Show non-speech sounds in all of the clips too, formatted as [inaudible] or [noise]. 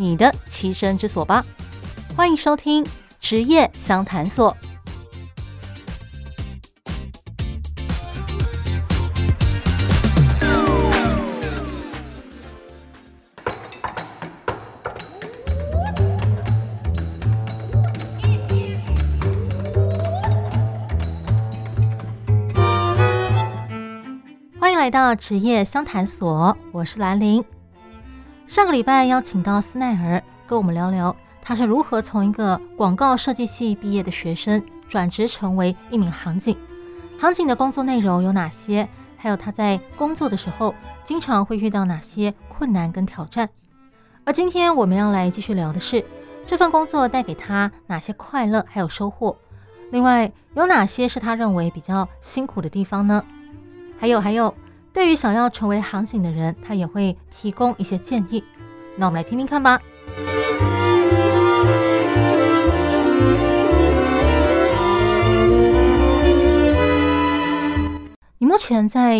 你的棲身之所吧，歡迎收聽職業相談所。歡迎來到職業相談所，我是蘭琳。上個禮拜邀請到斯奈兒跟我們聊聊，他是如何從一個廣告設計系畢業的學生轉職成為一名航警，航警的工作內容有哪些？還有他在工作的時候經常會遇到哪些困難跟挑戰？而今天我們要來繼續聊的是這份工作帶給他哪些快樂，還有收穫。另外有哪些是他認為比較辛苦的地方呢？還有還有。對於想要成為航警的人，他也會提供一些建議。那我們來聽聽看吧。你目前在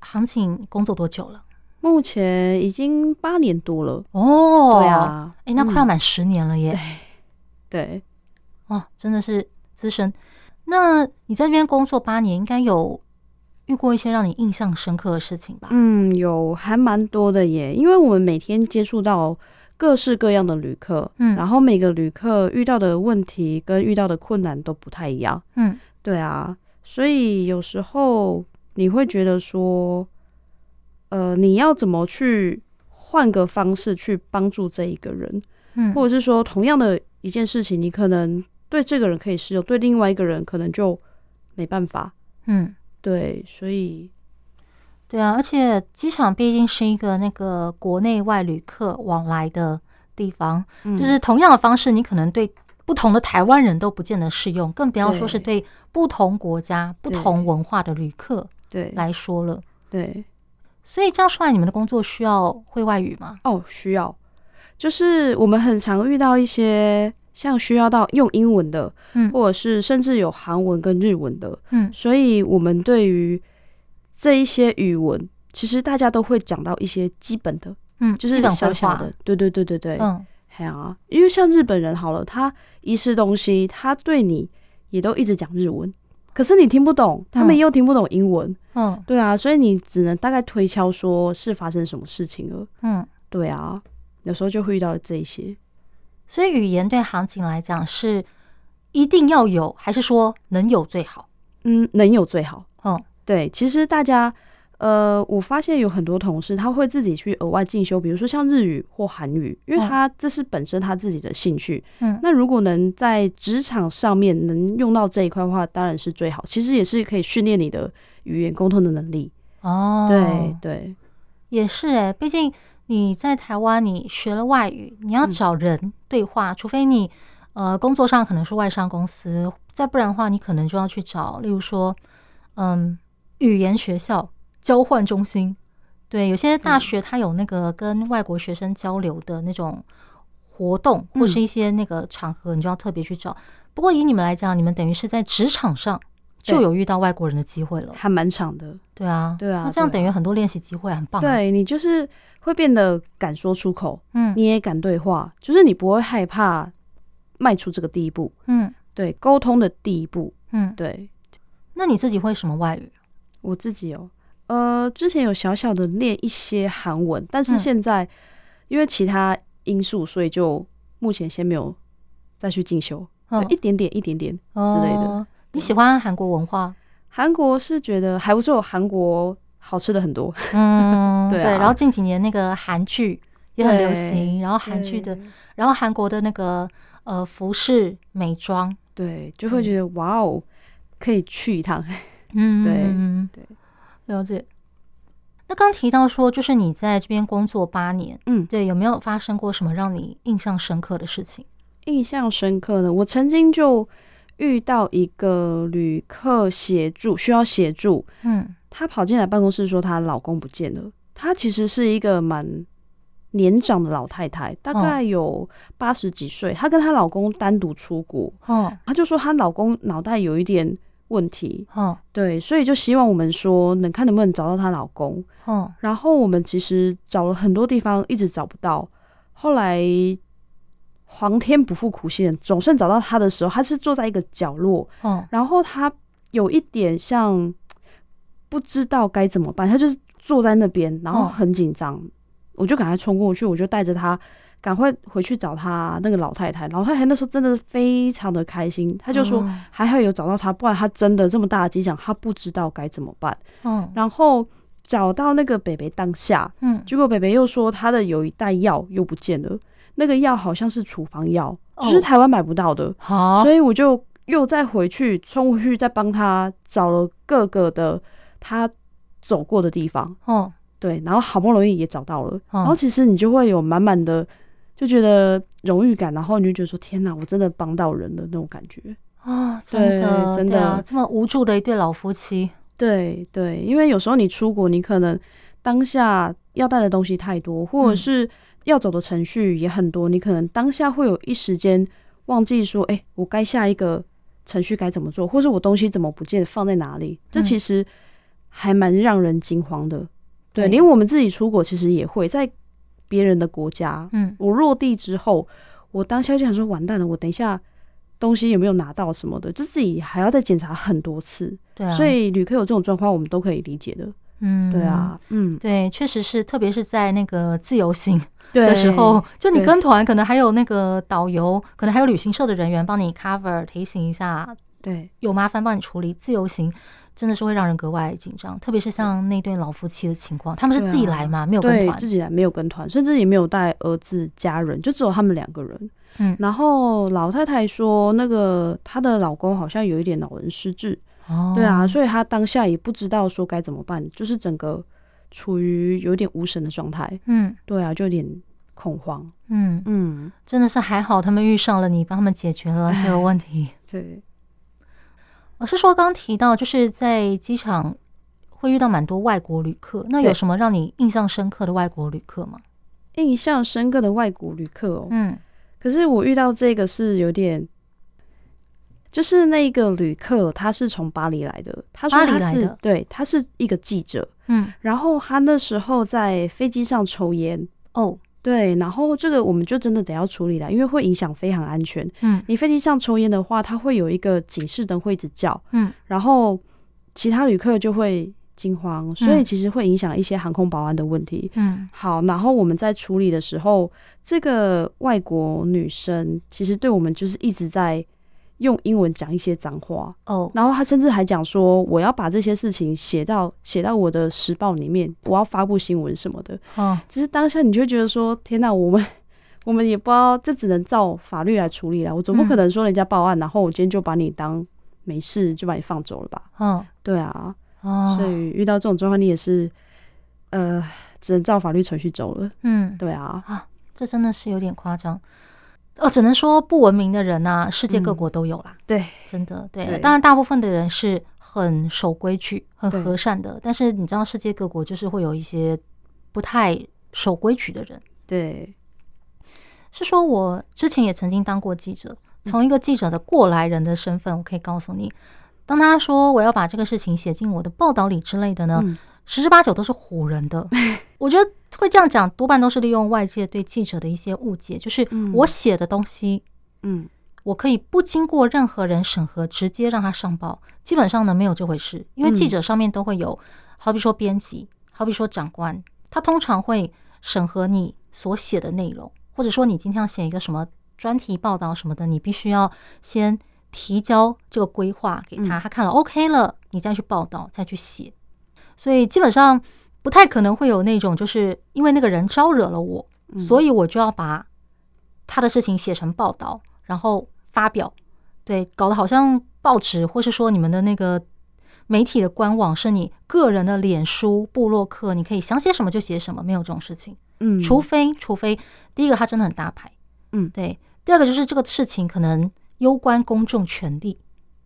航警工作多久了？目前已經八年多了哦。對啊，哎，那快要滿十年了耶。對。哦，真的是資深。那你在這邊工作八年，應該有遇過一些讓你印象深刻的事情吧？嗯，有還蠻多的耶，因為我們每天接觸到各式各樣的旅客，嗯，然後每個旅客遇到的問題跟遇到的困難都不太一樣，嗯，對啊，所以有時候你會覺得說，呃，你要怎麼去換個方式去幫助這一個人？嗯，或者是說，同樣的一件事情，你可能對這個人可以適用，對另外一個人可能就沒辦法，嗯。對，所以，對啊，而且機場畢竟是一個那個國內外旅客往來的地方，嗯、就是同樣的方式，你可能對不同的台灣人都不見得適用，更不要說是對不同國家、不同文化的旅客對來說了對。對，所以這樣說來，你們的工作需要會外語嗎？哦，需要，就是我們很常遇到一些。像需要到用英文的，嗯，或者是甚至有韓文跟日文的，嗯，所以我們對於這一些語文，其實大家都會講到一些基本的，嗯，就是小小的，對對對對對，嗯，對啊，因為像日本人好了，他遺失東西，他對你也都一直講日文，可是你聽不懂，他們又聽不懂英文，嗯，嗯，對啊，所以你只能大概推敲說是發生什麼事情了，嗯，對啊，有時候就會遇到這一些。所以語言對行情來講是一定要有，還是說能有最好？嗯，能有最好。嗯，對。其實大家，呃，我發現有很多同事他會自己去額外進修，比如說像日語或韓語，因為他這是本身他自己的興趣。嗯。那如果能在職場上面能用到這一塊的話，當然是最好。其實也是可以訓練你的語言溝通的能力。哦，對對，也是誒、欸，畢竟你在台灣，你學了外語，你要找人。嗯對話，除非你，呃，工作上可能是外商公司，再不然的話，你可能就要去找，例如說，嗯，語言學校、交換中心，對，有些大學它有那個跟外國學生交流的那種活動，或是一些那個場合，你就要特別去找，嗯。不過以你們來講，你們等於是在職場上就有遇到外國人的機會了，還蠻長的。對啊。對啊，對啊，那這樣等於很多練習機會，很棒啊。對你就是。會變得敢說出口，嗯，你也敢對話，就是你不會害怕邁出這個第一步，嗯，對，溝通的第一步，嗯，對。那你自己會什麼外語？我自己有，呃，之前有小小的練一些韓文，但是現在、嗯、因為其他因素，所以就目前先沒有再去進修，對、嗯，就一點點、一點點之類的。哦、你喜歡韓國文化？嗯、韓國是覺得還不錯，韓國。好吃的很多嗯，嗯、 [laughs] 啊，對。然後近幾年那個韓劇也很流行，然後韓劇的，然後韓國的那個呃服飾美妝，對，就會覺得哇哦，可以去一趟。嗯， [laughs] 對嗯嗯對，了解。那剛、剛提到說，就是你在這邊工作八年，嗯，對，有沒有發生過什麼讓你印象深刻的事情？印象深刻的，我曾經就遇到一個旅客協助需要協助，嗯。她跑進來辦公室說：“她老公不見了。”她其實是一個蠻年長的老太太，大概有八十幾歲。她跟她老公單獨出國，哦，她就說她老公腦袋有一點問題，哦，對，所以就希望我們說能看能不能找到她老公，哦，然後我們其實找了很多地方，一直找不到。後來，皇天不負苦心人，總算找到他的時候，他是坐在一個角落，哦，然後他有一點像。不知道該怎麼辦，他就是坐在那邊，然後很緊張。哦，我就趕快衝過去，我就帶着他趕快回去找他那個老太太。老太太那時候真的是非常的開心，他就說還好有找到他，不然他真的這麼大的驚嚇，他不知道該怎麼辦。嗯，哦，然後找到那個北北當下，嗯，結果北北又說他的有一袋藥又不見了，那個藥好像是處方藥，就是台灣買不到的。哦，所以我就又再回去衝過去再，再幫他找了各個，個的。他走過的地方，哦、嗯，對，然後好不容易也找到了，嗯、然後其實你就會有滿滿的就覺得榮譽感，然後你就覺得說：“天哪，我真的幫到人了那種感覺啊！”真的對真的、啊，這麼無助的一對老夫妻，對對，因為有時候你出國，你可能當下要帶的東西太多，或者是要走的程序也很多，嗯、你可能當下會有一時間忘記說：“哎、欸，我該下一個程序該怎麼做，或是我東西怎麼不見放在哪裡？”這其實。嗯還蠻讓人驚慌的，對，連我們自己出國其實也會在別人的國家，嗯，我落地之後，我當消息還說完蛋了，我等一下東西有沒有拿到什麼的，就自己還要再檢查很多次，對啊，所以旅客有這種狀況，我們都可以理解的，嗯，對啊，嗯，對啊，嗯，確實是，特別是在那個自由行的時候，就你跟團可能還有那個導遊，可能還有旅行社的人員幫你 cover 提醒一下，對，有麻煩幫你處理，自由行。真的是會讓人格外緊張，特別是像那對老夫妻的情況，他們是自己來嗎？啊、沒有跟團，自己來，沒有跟團，甚至也沒有帶兒子家人，就只有他們兩個人。嗯，然後老太太說，那個她的老公好像有一點老人失智，哦，對啊，所以她當下也不知道說該怎麼辦，就是整個處於有點無神的狀態。嗯，對啊，就有點恐慌。嗯嗯，真的是還好，他們遇上了你，幫他們解決了這個問題。 [laughs] 對。我是說，剛提到就是在機場會遇到蠻多外國旅客，那有什麼讓你印象深刻的外國旅客嗎？印象深刻的外國旅客哦，嗯，可是我遇到這個是有點，就是那個旅客他是從巴黎來的，他說他是巴黎來的，對，他是一個記者，嗯，然後他那時候在飛機上抽煙哦。對，然後這個我們就真的得要處理了，因為會影響飛行安全。嗯，你飛機上抽煙的話，它會有一個警示燈會一直叫，嗯，然後其他旅客就會驚慌，所以其實會影響一些航空保安的問題。嗯，好，然後我們在處理的時候，這個外國女生其實對我們就是一直在。用英文講一些髒話哦，oh. 然後他甚至還講說，我要把這些事情寫到寫到我的時報裡面，我要發佈新聞什麼的。啊，只是當下你就會覺得說天吶，我們我們也不知道，這只能照法律來處理了。我總不可能說人家報案，嗯、然後我今天就把你當沒事就把你放走了吧？嗯、oh.，對啊，哦，所以遇到這種狀況，你也是呃，只能照法律程序走了。嗯，對啊，啊，這真的是有點誇張。哦，只能說不文明的人吶、啊，世界各國都有啦。嗯、對，真的對，對。當然，大部分的人是很守規矩、很和善的。但是，你知道，世界各國就是會有一些不太守規矩的人。對，是說，我之前也曾經當過記者，從一個記者的過來人的身份，我可以告訴你，當他說我要把這個事情寫進我的報道裡之類的呢，嗯、十之八九都是唬人的。嗯 [laughs] 我覺得會這樣講，多半都是利用外界對記者的一些誤解，就是我寫的東西，嗯，我可以不經過任何人審核直接讓他上報，基本上呢沒有這回事，因為記者上面都會有，好比說編輯，好比說長官，他通常會審核你所寫的內容，或者說你今天要寫一個什麼專題報道什麼的，你必須要先提交這個規劃給他，他看了 OK 了，你再去報道再去寫，所以基本上。不太可能會有那種，就是因為那個人招惹了我，所以我就要把他的事情寫成報道，然後發表，對，搞得好像報紙，或是說你們的那個媒體的官網是你個人的臉書、部落客，你可以想寫什麼就寫什麼，沒有這種事情。嗯，除非，除非第一個他真的很大牌，嗯，對；第二個就是這個事情可能攸關公眾權利、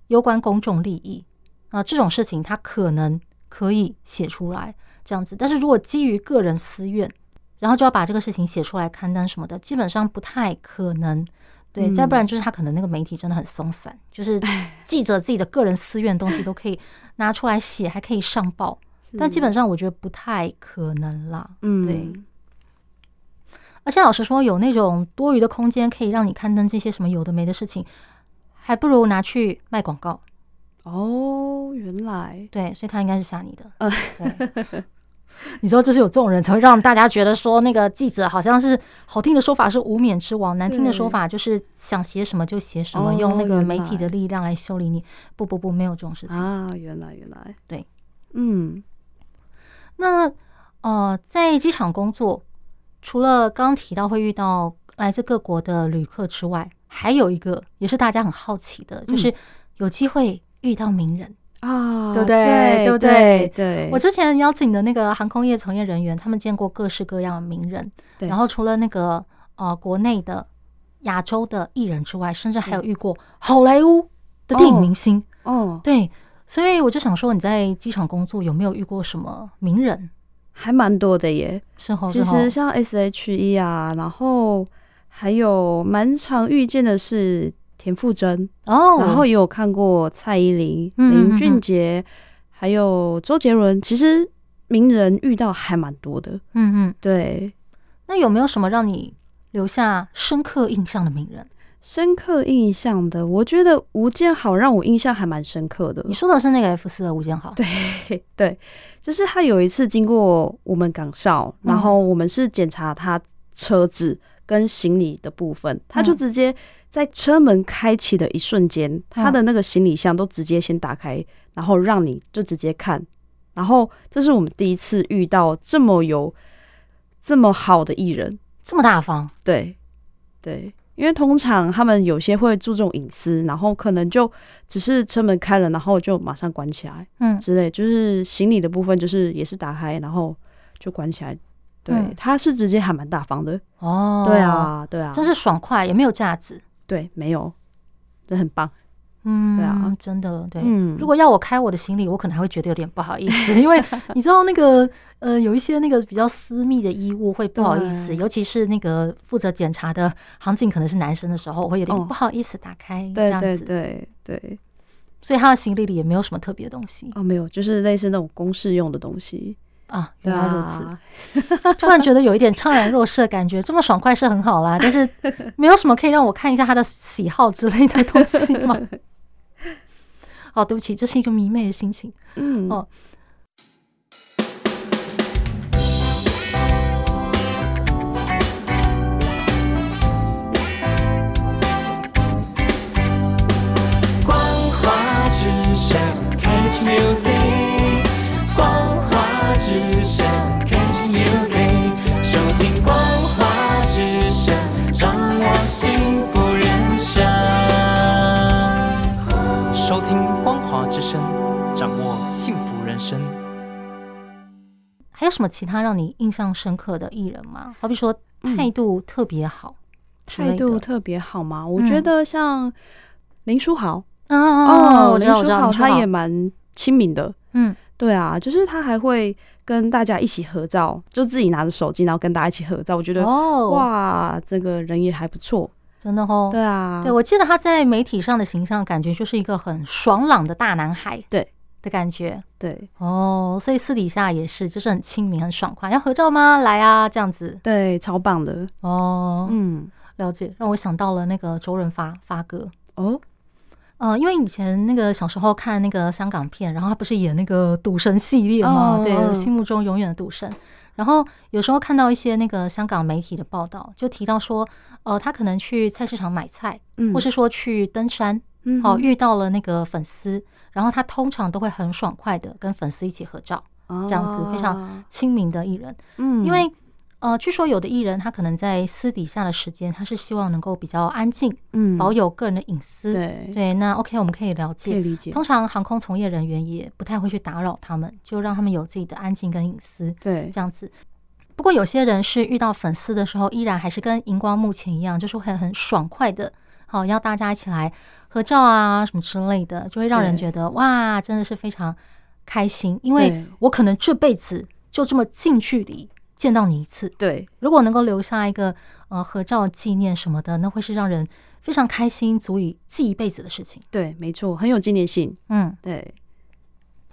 攸關公眾利益啊，這種事情他可能可以寫出來。這樣子，但是如果基於個人私怨，然後就要把這個事情寫出來刊登什麼的，基本上不太可能。對，嗯、再不然就是他可能那個媒體真的很鬆散，嗯、就是記者自己的個人私怨東西都可以拿出來寫，還可以上報。是，但基本上我覺得不太可能啦。嗯，對。而且老實說，有那種多餘的空間可以讓你刊登這些什麼有的沒的事情，還不如拿去賣廣告。哦，原來，對，所以他應該是嚇你的。嗯、呃，對。 [laughs] 你知道，就是有這種人才會讓大家覺得說，那個記者好像是好聽的說法是無冕之王，難聽的說法就是想寫什麼就寫什麼，用那個媒體的力量來修理你。不不不，沒有這種事情。啊，原來原來，對，嗯。那呃，在機場工作，除了剛剛提到會遇到來自各國的旅客之外，還有一個也是大家很好奇的，就是有機會遇到名人。啊、oh，對對對對對！我之前邀請的那個航空業從業人員，他們見過各式各樣的名人，然後除了那個呃國內的、亞洲的藝人之外，甚至還有遇過好萊塢的電影明星哦。Oh, oh. 對，所以我就想說，你在機場工作有沒有遇過什麼名人？還蠻多的耶。身後身後其實像 SHE 啊，然後還有蠻常遇見的是。田馥甄，oh, 然後也有看過蔡依林、嗯、林俊杰、嗯，還有周杰倫。其實名人遇到還蠻多的。嗯嗯，對。那有沒有什麼讓你留下深刻印象的名人？深刻印象的，我覺得吳建豪讓我印象還蠻深刻的。你說的是那個 F 四的吳建豪？對對，就是他有一次經過我們崗哨、嗯，然後我們是檢查他車子跟行李的部分，嗯，他就直接。在車門開啟的一瞬間，他的那個行李箱都直接先打開，啊，然後讓你就直接看。然後這是我們第一次遇到這麼有這麼好的藝人，這麼大方。對對，因為通常他們有些會注重隱私，然後可能就只是車門開了，然後就馬上關起來，嗯，之類就是行李的部分就是也是打開，然後就關起來。對，他、嗯、是直接還蠻大方的哦。對啊，對啊，真是爽快，也沒有架子。對，沒有，這很棒。嗯，對啊，真的對、嗯。如果要我開我的行李，我可能還會覺得有點不好意思，因為你知道那個 [laughs] 呃，有一些那個比較私密的衣物會不好意思，尤其是那個負責檢查的航警可能是男生的時候，我會有點不好意思打開、哦這樣子。對對對對，所以他的行李裡也沒有什麼特別的東西哦，沒有，就是類似那種公事用的東西。啊，原來如此。對啊、 [laughs] 突然覺得有一點悵然若失的感覺。這麼爽快是很好啦，但是沒有什麼可以讓我看一下他的喜好之類的東西嗎？哦，對不起，這是一個迷妹的心情，嗯，哦。掌握幸福人生，還有什麼其他讓你印象深刻的藝人嗎？好比說態度特別好，嗯、他那個、態度特別好嗎？我覺得像林書豪，嗯、哦，哦，哦，哦，哦，林書豪他也蠻親民，民的。嗯，對啊，就是他還會跟大家一起合照，就自己拿着手機，然後跟大家一起合照。我覺得、哦、哇，這個人也還不錯。真的哦，對啊，對，我記得他在媒體上的形象，感覺就是一個很爽朗的大男孩，對的感覺，對，哦，oh, 所以私底下也是，就是很親民、很爽快，要合照嗎？來啊，這樣子，對，超棒的，哦、oh，嗯，了解，讓我想到了那個周潤發發哥，哦、oh？呃，因為以前那個小時候看那個香港片，然後他不是演那個賭神系列嘛，oh, 對我、uh, 心目中永遠的賭神。然後有時候看到一些那個香港媒體的報道，就提到說，呃，他可能去菜市場買菜，或是說去登山，嗯、哦，遇到了那個粉絲、嗯，然後他通常都會很爽快的跟粉絲一起合照，oh, 這樣子非常親民的藝人。嗯，因為。呃，據說有的藝人他可能在私底下的時間，他是希望能夠比較安靜，嗯，保有個人的隱私。對，對那 OK，我們可以了解，可以理解。通常航空從業人員也不太會去打擾他們，就讓他們有自己的安靜跟隱私。對，這樣子。不過有些人是遇到粉絲的時候，依然還是跟熒光幕前一樣，就是會很爽快的，好、哦、要大家一起來合照啊什麼之類的，就會讓人覺得哇，真的是非常開心，因為我可能這輩子就這麼近距離。見到你一次，對，如果能夠留下一個呃合照紀念什麼的，那會是讓人非常開心、足以記一輩子的事情。對，沒錯，很有紀念性。嗯，對。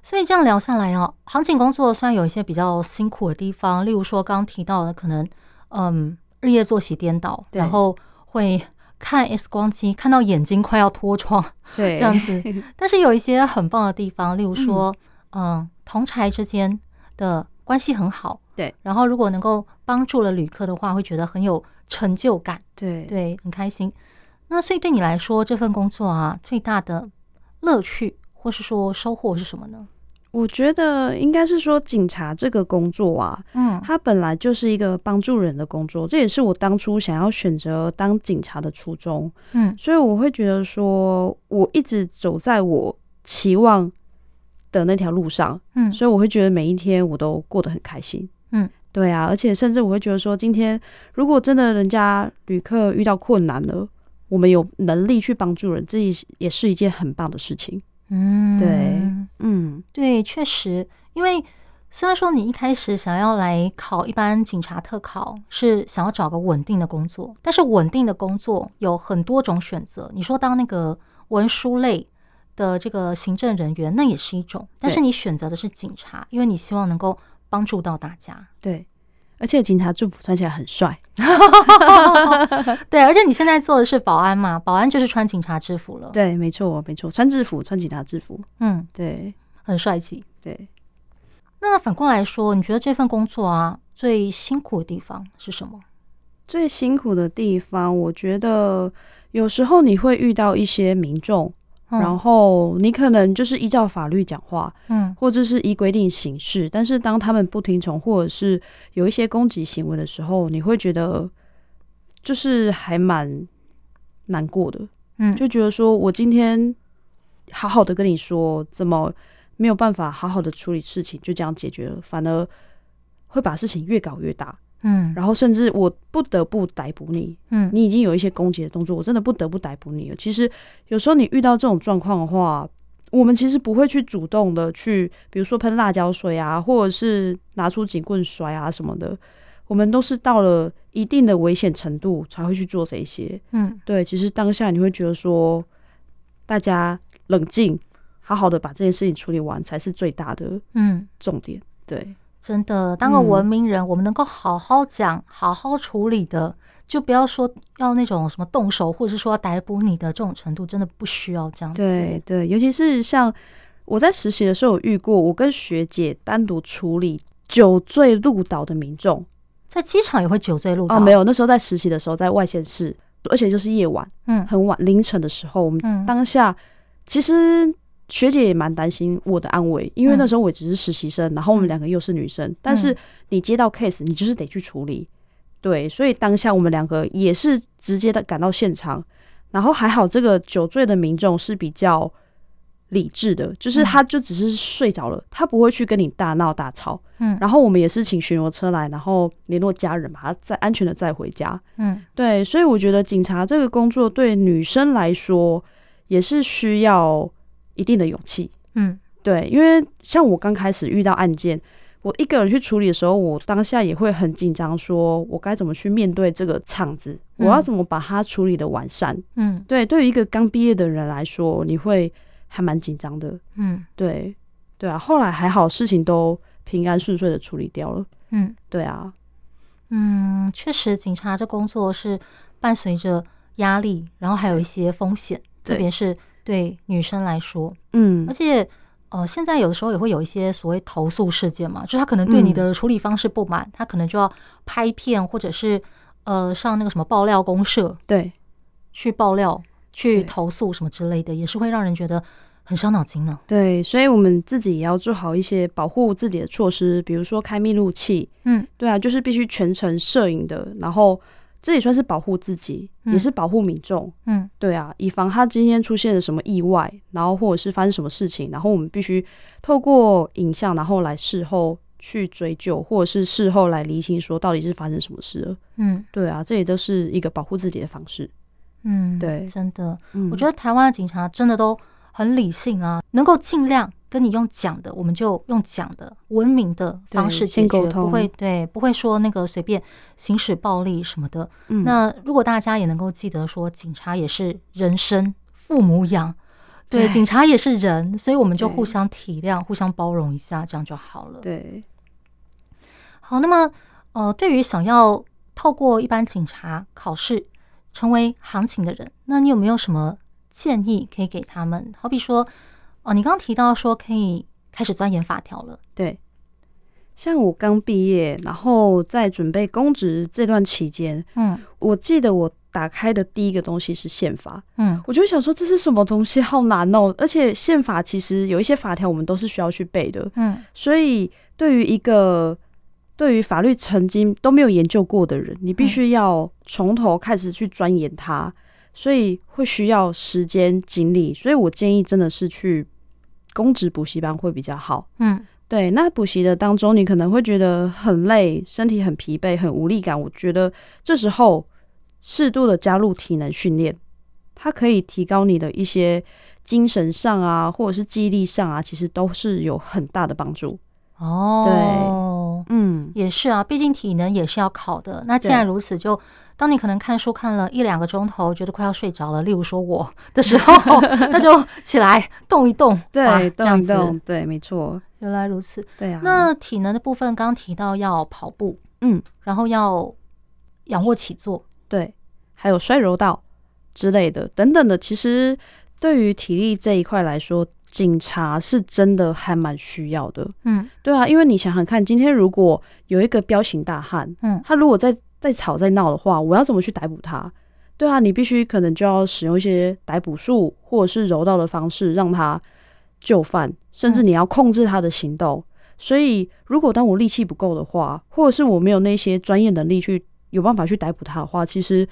所以這樣聊下來哦、啊，航警工作雖然有一些比較辛苦的地方，例如說剛剛提到的，可能嗯日夜作息顛倒，然後會看 X 光機，看到眼睛快要脫窗，對，這樣子。 [laughs] 但是有一些很棒的地方，例如說嗯，嗯同儕之間的關係很好。對，然後如果能夠幫助了旅客的話，會覺得很有成就感。對，對，很開心。那所以對你來說，這份工作啊，最大的樂趣或是說收穫是什麼呢？我覺得應該是說，警察這個工作啊，嗯，它本來就是一個幫助人的工作，這也是我當初想要選擇當警察的初衷。嗯，所以我會覺得說，我一直走在我期望的那條路上，嗯，所以我會覺得每一天我都過得很開心。嗯，對啊，而且甚至我會覺得說，今天如果真的人家旅客遇到困難了，我們有能力去幫助人，這也是一件很棒的事情。嗯，對，嗯，對，確實，因為雖然說你一開始想要來考一般警察特考，是想要找個穩定的工作，但是穩定的工作有很多種選擇。你說當那個文書類的這個行政人員，那也是一種，但是你選擇的是警察，因為你希望能夠。幫助到大家，對，而且警察制服穿起來很帥， [laughs] [laughs] 對，而且你現在做的是保安嘛，保安就是穿警察制服了，對，沒錯，沒錯，穿制服，穿警察制服，嗯，對，很帥氣，對。那反過來說，你覺得這份工作啊，最辛苦的地方是什麼？最辛苦的地方，我覺得有時候你會遇到一些民眾。然後你可能就是依照法律講話，嗯，或者是依規定行事。但是當他們不聽從，或者是有一些攻擊行為的時候，你會覺得就是還蠻難過的，嗯，就覺得說我今天好好的跟你說，怎麼沒有辦法好好的處理事情，就這樣解決了，反而會把事情越搞越大。嗯，然後甚至我不得不逮捕你。嗯，你已經有一些攻擊的動作，我真的不得不逮捕你了。其實有時候你遇到這種狀況的話，我們其實不會去主動的去，比如說噴辣椒水啊，或者是拿出警棍甩啊什麼的。我們都是到了一定的危險程度才會去做這些。嗯，對。其實當下你會覺得說，大家冷靜，好好的把這件事情處理完才是最大的嗯重點。嗯，對。真的，當個文明人，嗯、我們能夠好好講、好好處理的，就不要說要那種什麼動手，或者是說要逮捕你的這種程度，真的不需要這樣子。對對，尤其是像我在實習的時候，有遇過我跟學姐單獨處理酒醉路倒的民眾，在機場也會酒醉路倒？哦，沒有，那時候在實習的時候，在外縣市，而且就是夜晚，嗯，很晚凌晨的時候，我們當下其實。學姐也蠻擔心我的安危，因為那時候我只是實習生，嗯，然後我們兩個又是女生。但是你接到 case，你就是得去處理。對，所以當下我們兩個也是直接的趕到現場，然後還好這個酒醉的民眾是比較理智的，就是他就只是睡着了，他不會去跟你大鬧大吵。嗯，然後我們也是請巡邏車來，然後聯絡家人把他再安全的載回家。嗯，對，所以我覺得警察這個工作對女生來說也是需要。一定的勇氣，嗯，對，因為像我剛開始遇到案件，我一個人去處理的時候，我當下也會很緊張，說我該怎麼去面對這個場子，嗯、我要怎麼把它處理的完善，嗯，對，對於一個剛畢業的人來說，你會還蠻緊張的，嗯，對，對啊，後來還好，事情都平安順遂的處理掉了，嗯，對啊，嗯，確實，警察這工作是伴隨着壓力，然後還有一些風險，特別是。對女生來說，嗯，而且，呃，現在有的時候也會有一些所謂投訴事件嘛，就是他可能對你的處理方式不滿，嗯，他可能就要拍片或者是呃上那個什麼爆料公社，對，去爆料、去投訴什麼之類的，也是會讓人覺得很傷腦筋呢。對，所以我們自己也要做好一些保護自己的措施，比如說開密錄器，嗯，對啊，就是必須全程攝影的，然後。這也算是保護自己、嗯，也是保護民眾。嗯，對啊，以防他今天出現了什麼意外，然後或者是發生什麼事情，然後我們必須透過影像，然後來事後去追究，或者是事後來釐清說到底是發生什麼事了。嗯，對啊，這也都是一個保護自己的方式。嗯，對，真的，嗯、我覺得台灣的警察真的都。很理性啊，能夠盡量跟你用講的，我們就用講的，文明的方式解決，溝通，不會對，不會說那個隨便行使暴力什麼的。嗯，那如果大家也能夠記得，說警察也是人生父母養，對，警察也是人，所以我們就互相體諒，互相包容一下，這樣就好了。對，好，那麼呃，對於想要透過一般警察考試成為刑警的人，那你有沒有什麼？建議可以給他們，好比說，哦，你剛剛提到說可以開始鑽研法條了。對，像我剛畢業，然後在準備公職這段期間，嗯，我記得我打開的第一個東西是憲法，嗯，我就想說這是什麼東西，好難哦。而且憲法其實有一些法條我們都是需要去背的，嗯，所以對於一個對於法律曾經都沒有研究過的人，你必須要從頭開始去鑽研它。嗯所以會需要時間精力，所以我建議真的是去公職補習班會比較好。嗯，對。那補習的當中，你可能會覺得很累，身體很疲憊，很無力感。我覺得這時候適度的加入體能訓練，它可以提高你的一些精神上啊，或者是記憶力上啊，其實都是有很大的幫助。哦，對。嗯，也是啊，畢竟體能也是要考的。那既然如此就，就當你可能看書看了一兩個鐘頭，覺得快要睡着了，例如說我的時候， [laughs] 那就起來動一動，對，動一動，對，沒錯。原來如此，對啊。那體能的部分，剛剛提到要跑步，嗯，然後要仰臥起坐，對，還有摔柔道之類的等等的。其實對於體力這一塊來說，警察是真的還蠻需要的，嗯，對啊，因為你想想看，今天如果有一個彪形大漢，嗯，他如果在在吵在鬧的話，我要怎麼去逮捕他？對啊，你必須可能就要使用一些逮捕術或者是柔道的方式讓他就範，甚至你要控制他的行動。嗯，所以，如果當我力氣不夠的話，或者是我沒有那些專業能力去有辦法去逮捕他的話，其實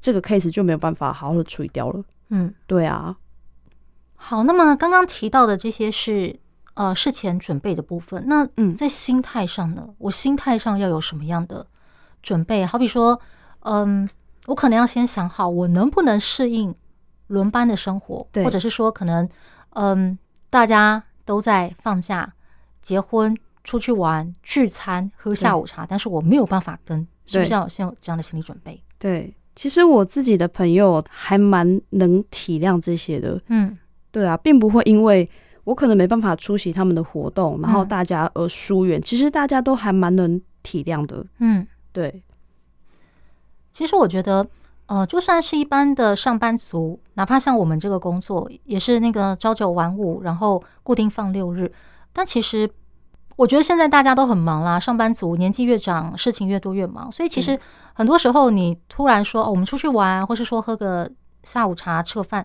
這個 case 就沒有辦法好好的處理掉了。嗯，對啊。好，那麼剛剛提到的這些是呃事前準備的部分。那嗯，在心態上呢，嗯、我心態上要有什麼樣的準備？好比說，嗯，我可能要先想好我能不能適應輪班的生活，對，或者是說可能嗯，大家都在放假、結婚、出去玩、聚餐、喝下午茶，但是我沒有辦法跟，是不是要先有這樣的心理準備？對，對，其實我自己的朋友還蠻能體諒這些的，嗯。對啊，並不會因為我可能沒辦法出席他們的活動，然後大家而疏遠，嗯。其實大家都還蠻能體諒的，嗯，對。其實我覺得，呃，就算是一般的上班族，哪怕像我們這個工作，也是那個朝九晚五，然後固定放六日。但其實我覺得現在大家都很忙啦，上班族年紀越長，事情越多越忙，所以其實很多時候你突然說，嗯，哦，我們出去玩，或是說喝個下午茶、吃個飯。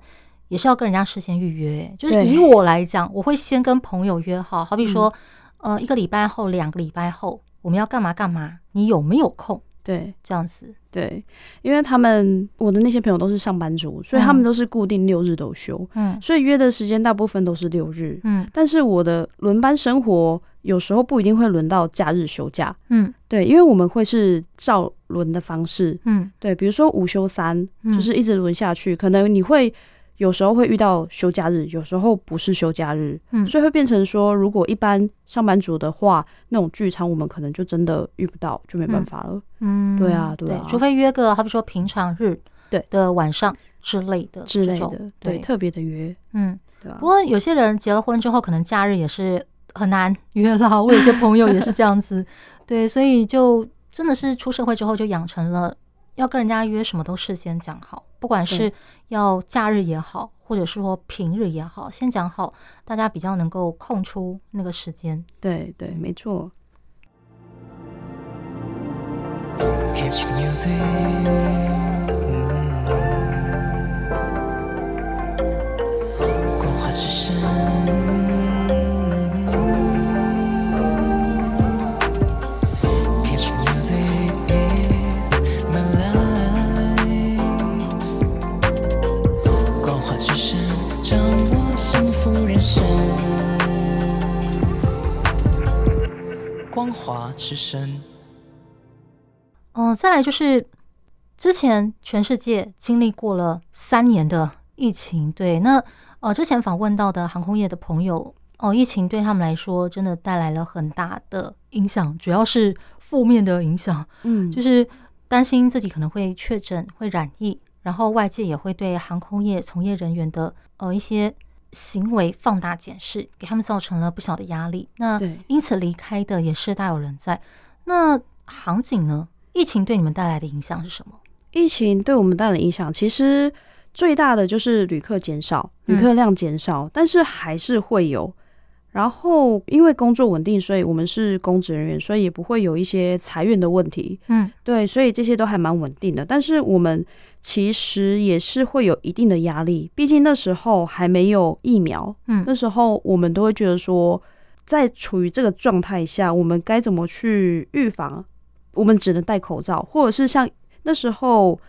也是要跟人家事先預約，就是以我來講，我會先跟朋友約好，好比說，嗯、呃，一個禮拜後、兩個禮拜後，我們要幹嘛幹嘛，你有沒有空？對，這樣子，對，因為他們我的那些朋友都是上班族，所以他們都是固定六日都休，嗯，所以約的時間大部分都是六日，嗯，但是我的輪班生活有時候不一定會輪到假日休假，嗯，對，因為我們會是照輪的方式，嗯，對，比如說五休三，就是一直輪下去、嗯，可能你會。有時候會遇到休假日，有時候不是休假日，嗯，所以會變成說，如果一般上班族的話，那種聚餐我們可能就真的遇不到，就沒辦法了，嗯，對啊，對啊，對，除非約個，好比說平常日的晚上之類的，之類的，對，對，特別的約，嗯，對啊。不過有些人結了婚之後，可能假日也是很難約了。 [laughs] 我有些朋友也是這樣子，對，所以就真的是出社會之後就養成了要跟人家約什麼都事先講好。不管是要假日也好，或者是說平日也好，先講好，大家比較能夠空出那個時間。對對，沒錯。光華之聲。嗯，再來就是之前全世界經歷過了三年的疫情，對，那呃之前訪問到的航空業的朋友，哦、呃，疫情對他們來說真的帶來了很大的影響，主要是負面的影響，嗯，就是擔心自己可能會確診、會染疫，然後外界也會對航空業從業人員的呃一些。行為放大檢視，給他們造成了不小的壓力。那因此離開的也是大有人在。那航警呢？疫情對你們帶來的影響是什麼？疫情對我們帶來的影響，其實最大的就是旅客減少，旅客量減少，嗯，但是還是會有。然後因為工作穩定，所以我們是公職人員，所以也不會有一些裁員的問題。嗯，對，所以這些都還蠻穩定的。但是我們。其實也是會有一定的壓力，畢竟那時候還沒有疫苗。嗯，那時候我們都會覺得說，在處於這個狀態下，我們該怎麼去預防？我們只能戴口罩，或者是像那時候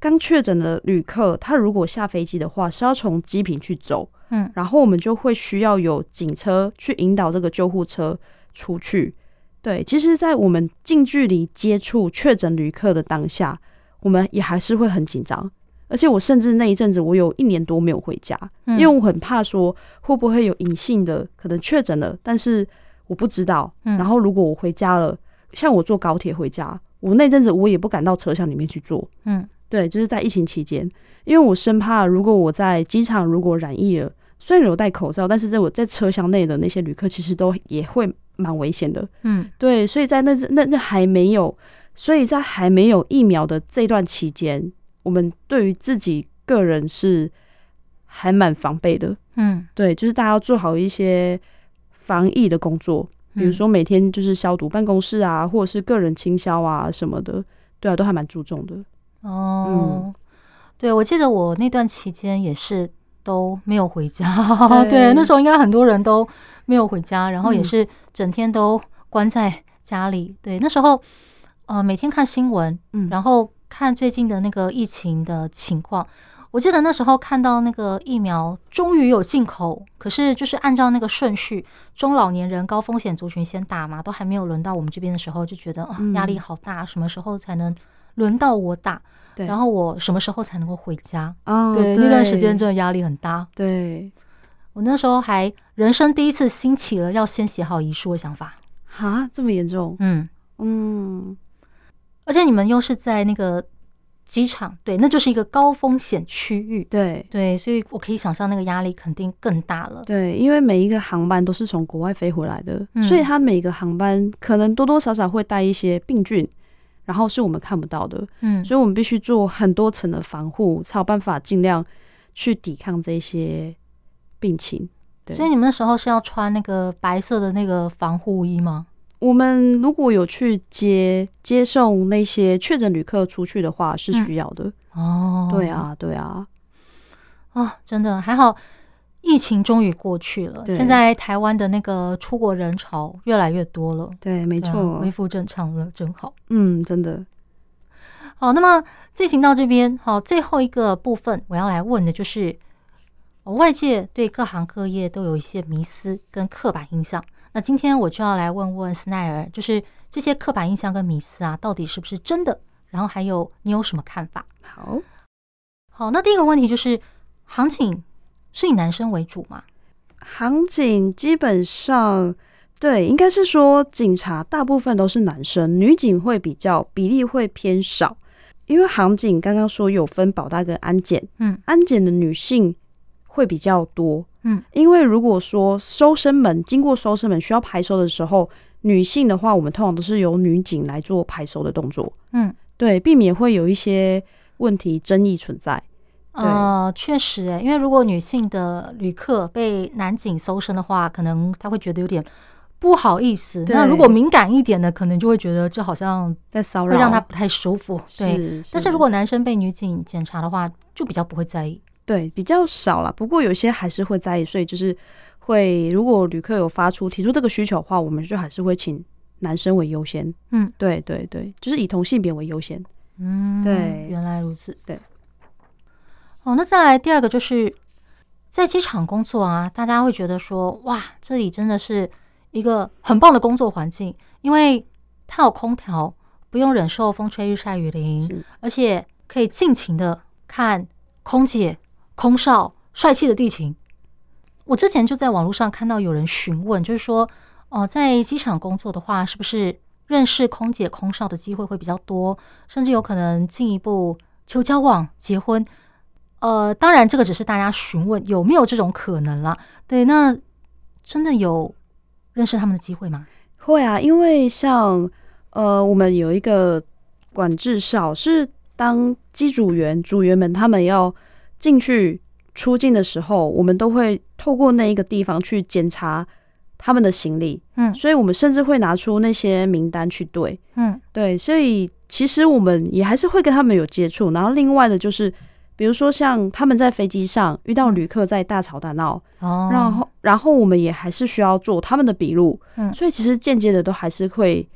剛確診的旅客，他如果下飛機的話，是要從機坪去走。嗯，然後我們就會需要有警車去引導這個救護車出去。對，其實在我們近距離接觸確診旅客的當下，我們也還是會很緊張，而且我甚至那一陣子我有一年多沒有回家，嗯、因為我很怕說會不會有隱性的可能確診了，但是我不知道、嗯。然後如果我回家了，像我坐高鐵回家，我那陣子我也不敢到車廂裡面去坐。嗯，對，就是在疫情期間，因為我生怕如果我在機場如果染疫了，雖然有戴口罩，但是在我在車廂內的那些旅客其實都也會蠻危險的。嗯，對，所以在那陣那那還沒有。所以在還沒有疫苗的這段期間，我們對於自己個人是還蠻防備的，嗯，對，就是大家要做好一些防疫的工作、嗯，比如說每天就是消毒辦公室啊，或者是個人清消啊什麼的，對啊，都還蠻注重的。哦、嗯，對，我記得我那段期間也是都沒有回家，對， [laughs] 對，那時候應該很多人都沒有回家，然後也是整天都關在家裡，嗯、對，那時候。呃，每天看新聞，嗯，然後看最近的那個疫情的情況。嗯，我記得那時候看到那個疫苗終於有進口，可是就是按照那個順序，中老年人、高風險族群先打嘛，都還沒有輪到我們這邊的時候，就覺得，哦，壓力好大，嗯。什麼時候才能輪到我打？然後我什麼時候才能夠回家？啊，哦，對，那段時間真的壓力很大。對，我那時候還人生第一次興起了要先寫好遺書的想法。哈，這麼嚴重？嗯嗯。而且你們又是在那個機場，對，那就是一個高風險區域。對對，所以我可以想象那個壓力肯定更大了。對，因為每一個航班都是從國外飛回來的，嗯，所以它每一個航班可能多多少少會帶一些病菌，然後是我們看不到的。嗯，所以我們必須做很多層的防護，才有辦法盡量去抵抗這些病情，對。所以你們那時候是要穿那個白色的那個防護衣嗎？我們如果有去接接送那些確診旅客出去的話，是需要的、嗯、哦。對啊，對啊，啊、哦，真的還好，疫情終於過去了。現在台灣的那個出國人潮越來越多了，對，沒錯，恢復、啊、正常了，真好。嗯，真的好。那麼，進行到這邊，好、哦，最後一個部分，我要來問的就是，外界對各行各業都有一些迷思跟刻板印象。那今天我就要來問問斯奈兒，就是這些刻板印象跟迷思啊，到底是不是真的？然後還有你有什麼看法？好好，那第一個問題就是，航警是以男生為主嗎？航警基本上對，應該是說警察大部分都是男生，女警會比較比例會偏少。因為航警剛剛說有分保大跟安檢，嗯，安檢的女性會比較多。嗯，因為如果說搜身門，經過搜身門需要排搜的時候，女性的話，我們通常都是由女警來做排搜的動作。嗯，對，避免會有一些問題爭議存在。呃，確實，誒，因為如果女性的旅客被男警搜身的話，可能她會覺得有點不好意思。對，那如果敏感一點的，可能就會覺得這好像在騷擾，會讓她不太舒服。對，但是如果男生被女警檢查的話，就比較不會在意。對，比較少啦。不過有些還是會在意，所以就是會，如果旅客有發出提出這個需求的話，我們就還是會請男生為優先。嗯，對對對，就是以同性別為優先。嗯，對，原來如此。對。哦，那再來第二個就是，在機場工作啊，大家會覺得說，哇，這裡真的是一個很棒的工作環境，因為它有空調，不用忍受風吹日曬雨淋，而且可以盡情的看空姐。空少帥氣的地勤，我之前就在網絡上看到有人詢問，就是說，哦、呃，在機場工作的話，是不是認識空姐、空少的機會會比較多，甚至有可能進一步求交往、結婚？呃，當然，這個只是大家詢問有沒有這種可能啦。對，那真的有認識他們的機會嗎？會啊，因為像呃，我們有一個管制哨是當機組員，組員們他們要。進去、出境的時候，我們都會透過那一個地方去檢查他們的行李，嗯，所以我們甚至會拿出那些名單去對，嗯，對，所以其實我們也還是會跟他們有接觸。然後另外的就是，比如說像他們在飛機上遇到旅客在大吵大鬧，哦，然後然後我們也還是需要做他們的筆錄，嗯，所以其實間接的都還是會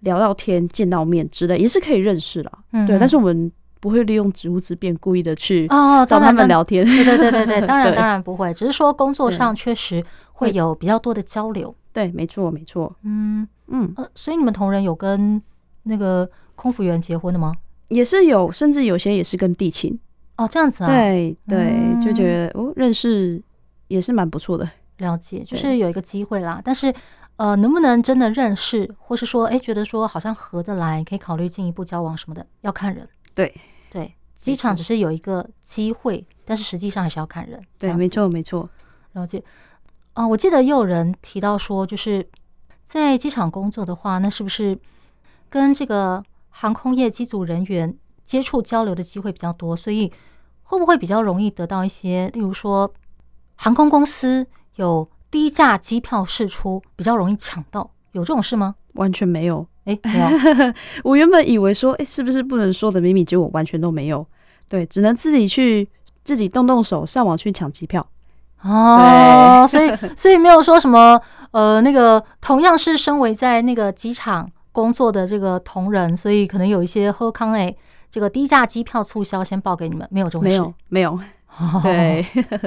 聊到天、見到面之類，也是可以認識的，嗯，對，但是我們。不會利用職務之便故意的去哦找他們聊天，對對對對對，當然 [laughs] 當然不會，只是說工作上確實會有比較多的交流。對，對沒錯沒錯，嗯嗯呃、啊，所以你們同仁有跟那個空服員結婚的嗎？也是有，甚至有些也是跟地勤哦這樣子啊，對對，就覺得、嗯、哦認識也是蠻不錯的，了解，就是有一個機會啦，但是呃能不能真的認識，或是說哎、欸、覺得說好像合得來，可以考慮進一步交往什麼的，要看人。對對，機場只是有一個機會，但是實際上還是要看人。對，沒錯沒錯。然後啊，我記得有人提到說，就是在機場工作的話，那是不是跟這個航空業機組人員接觸交流的機會比較多？所以會不會比較容易得到一些，例如說航空公司有低價機票釋出，比較容易搶到？有這種事嗎？完全沒有。哎、欸，沒有啊。 [laughs] 我原本以為說，哎、欸，是不是不能說的秘密？結果我完全都沒有。對，只能自己去自己動動手，上網去搶機票。哦、啊， [laughs] 所以所以沒有說什麼，呃，那個同樣是身為在那個機場工作的這個同仁，所以可能有一些好康誒、欸，這個低價機票促銷先報給你們，沒有這種事，沒有沒有。哦、對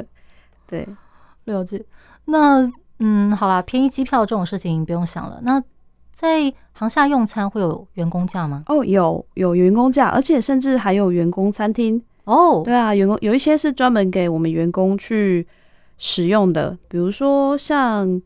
[laughs] 對，了解。那嗯，好啦，便宜機票這種事情不用想了。那在航廈用餐會有員工價嗎？哦、oh，有有員工價，而且甚至還有員工餐廳哦。Oh. 對啊，員工有一些是專門給我們員工去使用的，比如說像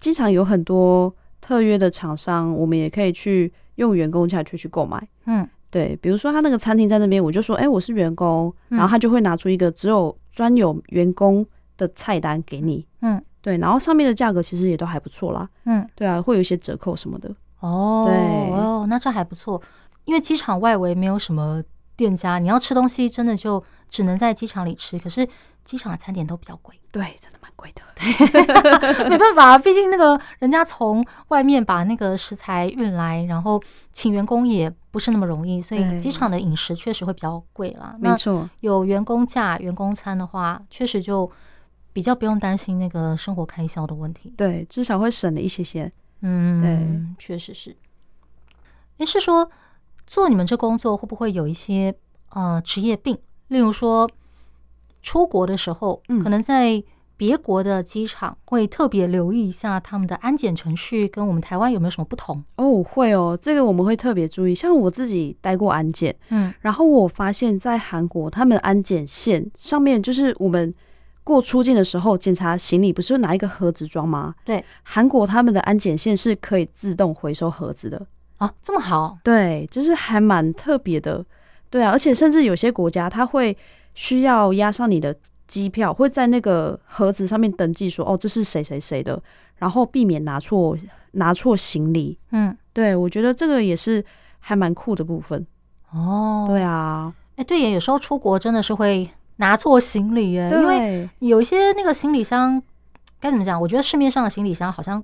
機場有很多特約的廠商，我們也可以去用員工價去去購買。嗯，對，比如說他那個餐廳在那邊，我就說，哎、欸，我是員工、嗯，然後他就會拿出一個只有專有員工的菜單給你。嗯。對，然後上面的價格其實也都還不錯啦。嗯，對啊，會有一些折扣什麼的哦，對。哦，那這還不錯。因為機場外圍沒有什麼店家，你要吃東西真的就只能在機場裡吃。可是機場的餐點都比較貴。對，真的蠻貴的。對 [laughs] 沒辦法，畢竟那個人家從外面把那個食材運來，然後請員工也不是那麼容易，所以機場的飲食確實會比較貴啦。沒錯，有員工價、員工餐的話，確實就。比較不用擔心那個生活開銷的問題，對，至少會省了一些些。嗯，對，確實是。誒，是說做你們這工作會不會有一些呃職業病？例如說出國的時候，嗯，可能在別國的機場會特別留意一下他們的安檢程序跟我們台灣有沒有什麼不同？哦，會哦，這個我們會特別注意。像我自己待過安檢，嗯，然後我發現在韓國他們安檢線上面就是我們。過出境的時候檢查行李，不是會拿一個盒子裝嗎？對，韓國他們的安檢線是可以自動回收盒子的啊。這麼好？對，就是還蠻特別的。對啊，而且甚至有些國家他會需要押上你的機票，會在那個盒子上面登記說，哦，這是誰誰誰的，然後避免拿錯拿錯行李。嗯，對，我覺得這個也是還蠻酷的部分。哦，對啊，哎、欸，對，有時候出國真的是會。拿錯行李耶、欸！因為有一些那個行李箱該怎麼講？我覺得市面上的行李箱好像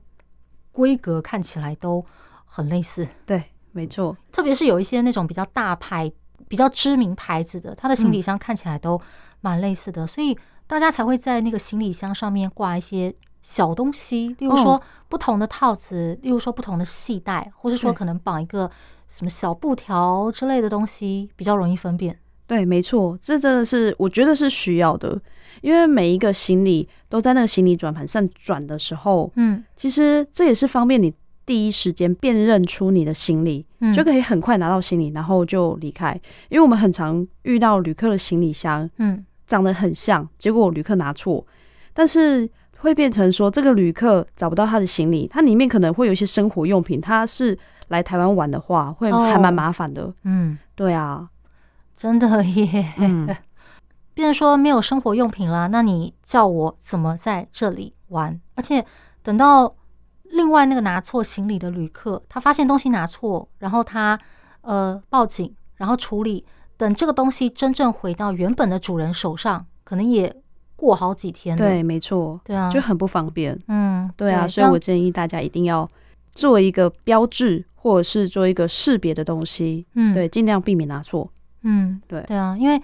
規格看起來都很類似。對，沒錯。特別是有一些那種比較大牌、比較知名牌子的，它的行李箱看起來都蠻類似的，所以大家才會在那個行李箱上面掛一些小東西，例如說不同的套子，例如說不同的繫帶，或是說可能綁一個什麼小布條之類的東西，比較容易分辨。對，沒錯，這真的是我覺得是需要的，因為每一個行李都在那個行李轉盤上轉的時候，嗯，其實這也是方便你第一時間辨認出你的行李，嗯，就可以很快拿到行李，然後就離開。因為我們很常遇到旅客的行李箱，嗯，長得很像，結果旅客拿錯，但是會變成說這個旅客找不到他的行李，他裡面可能會有一些生活用品，他是來台灣玩的話，會還蠻麻煩的，哦，嗯，對啊。真的耶、嗯！變成說沒有生活用品啦，那你叫我怎麼在這裡玩？而且等到另外那個拿錯行李的旅客，他發現東西拿錯，然後他呃報警，然後處理，等這個東西真正回到原本的主人手上，可能也過好幾天。對，沒錯，對啊，就很不方便。嗯，對啊，對所以我建議大家一定要做一個標誌，或者是做一個識別的東西。嗯，對，儘量避免拿錯。嗯，對對啊，因為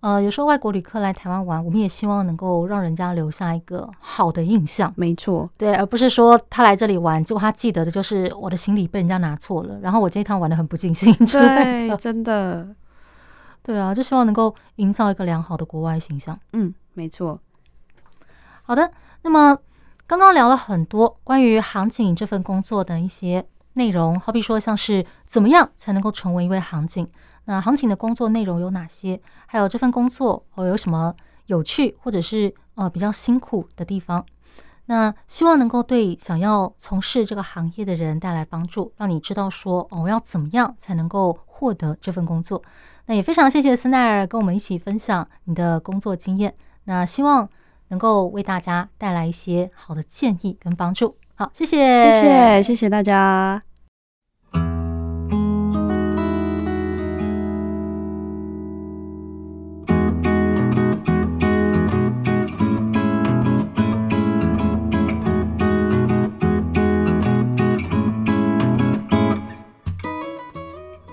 呃，有時候外國旅客來台灣玩，我們也希望能夠讓人家留下一個好的印象。沒錯，對，而不是說他來這裡玩，結果他記得的就是我的行李被人家拿錯了，然後我這一趟玩得很不盡興。對的，真的，對啊，就希望能夠營造一個良好的國外形象。嗯，沒錯。好的，那麼剛剛聊了很多關於航警這份工作的一些內容，好比說像是怎麼樣才能夠成為一位航警。那行情的工作內容有哪些？還有這份工作哦有什麼有趣或者是呃比較辛苦的地方？那希望能夠對想要從事這個行業的人帶來幫助，讓你知道說哦我要怎麼樣才能夠獲得這份工作。那也非常謝謝斯奈爾跟我們一起分享你的工作經驗。那希望能夠為大家帶來一些好的建議跟幫助。好，謝謝，謝謝，謝謝大家。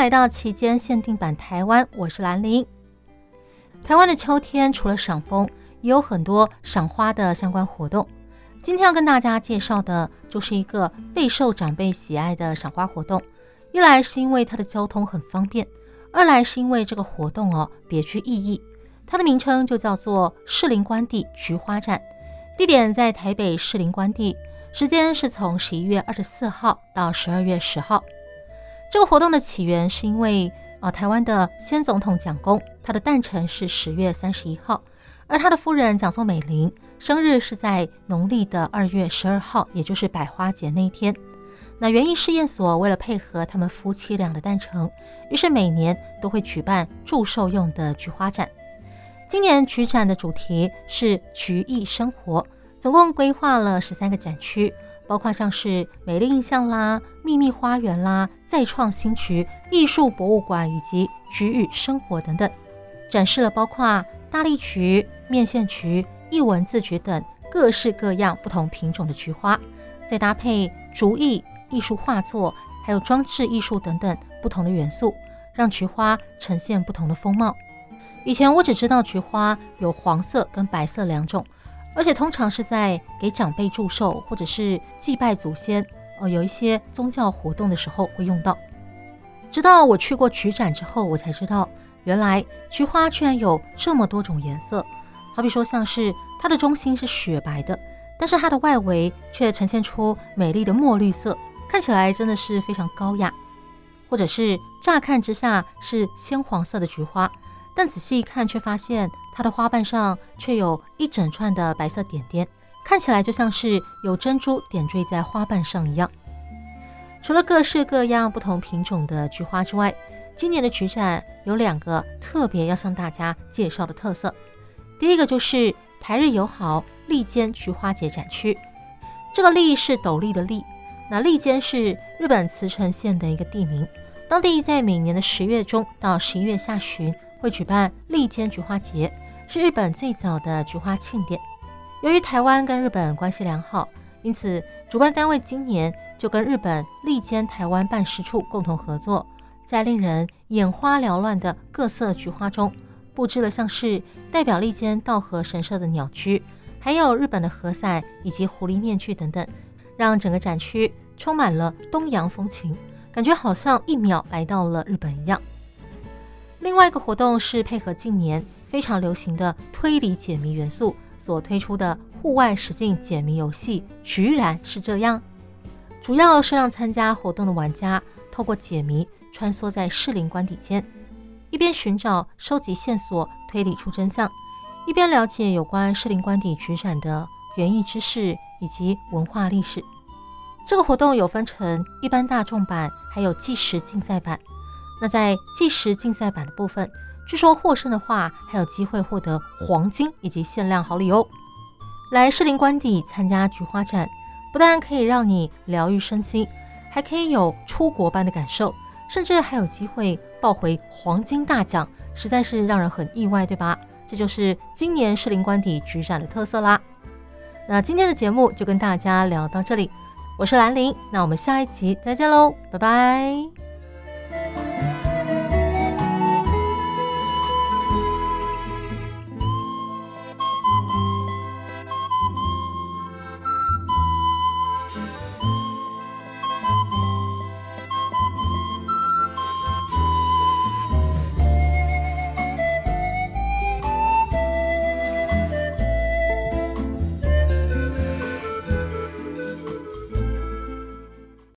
來到期間限定版台灣，我是蘭陵。台灣的秋天除了賞楓，也有很多賞花的相關活動。今天要跟大家介紹的就是一個備受長輩喜愛的賞花活動。一來是因為它的交通很方便，二來是因為這個活動哦，別具意義。它的名稱就叫做士林官邸菊花展，地點在台北士林官邸，時間是從十一月二十四號到十二月十號。這個活動的起源是因為啊、呃，台灣的先總統蔣公他的誕辰是十月三十一號，而他的夫人蔣宋美齡生日是在農曆的二月十二號，也就是百花節那一天。那園藝試驗所為了配合他們夫妻倆的誕辰，於是每年都會舉辦祝壽用的菊花展。今年菊展的主題是“菊藝生活”，總共規劃了十三個展區。包括像是美麗印象啦、秘密花園啦、再創新菊藝術博物館以及菊語生活等等，展示了包括大麗菊、麵線菊、一文字菊等各式各樣不同品種的菊花，再搭配竹藝、藝術畫作還有裝置藝術等等不同的元素，讓菊花呈現不同的風貌。以前我只知道菊花有黃色跟白色兩種。而且通常是在給長輩祝壽或者是祭拜祖先，哦，有一些宗教活動的時候會用到。直到我去過菊展之後，我才知道，原來菊花居然有這麼多種顏色。好比說，像是它的中心是雪白的，但是它的外圍卻呈現出美麗的墨綠色，看起來真的是非常高雅。或者是乍看之下是鮮黃色的菊花。但仔細一看，卻發現它的花瓣上卻有一整串的白色點點，看起來就像是有珍珠點綴在花瓣上一樣。除了各式各樣不同品種的菊花之外，今年的菊展有兩個特別要向大家介紹的特色。第一個就是台日友好笠間菊花節展區，這個“笠”是斗笠的“笠”，那“笠間”是日本茨城縣的一個地名，當地在每年的十月中到十一月下旬。會舉辦笠間菊花節，是日本最早的菊花慶典。由於台灣跟日本關係良好，因此主辦單位今年就跟日本笠間台灣辦事處共同合作，在令人眼花繚亂的各色菊花中，佈置了像是代表笠間稻荷神社的鳥居，還有日本的和傘以及狐狸面具等等，讓整個展區充滿了東洋風情，感覺好像一秒來到了日本一樣。另外一個活動是配合近年非常流行的推理解謎元素所推出的戶外實境解謎遊戲《居然是這樣》，主要是讓參加活動的玩家透過解謎穿梭在士林官邸間，一邊尋找收集線索推理出真相，一邊了解有關士林官邸菊展的園藝知識以及文化歷史。這個活動有分成一般大眾版，還有計時競賽版。那在計時競賽版的部分，據說獲勝的話還有機會獲得黃金以及限量好禮哦。來士林官邸參加菊花展，不但可以讓你療癒身心，還可以有出國般的感受，甚至還有機會抱回黃金大獎，實在是讓人很意外，對吧？這就是今年士林官邸菊展的特色啦。那今天的節目就跟大家聊到這裡，我是蘭陵，那我們下一集再見嘍，拜拜。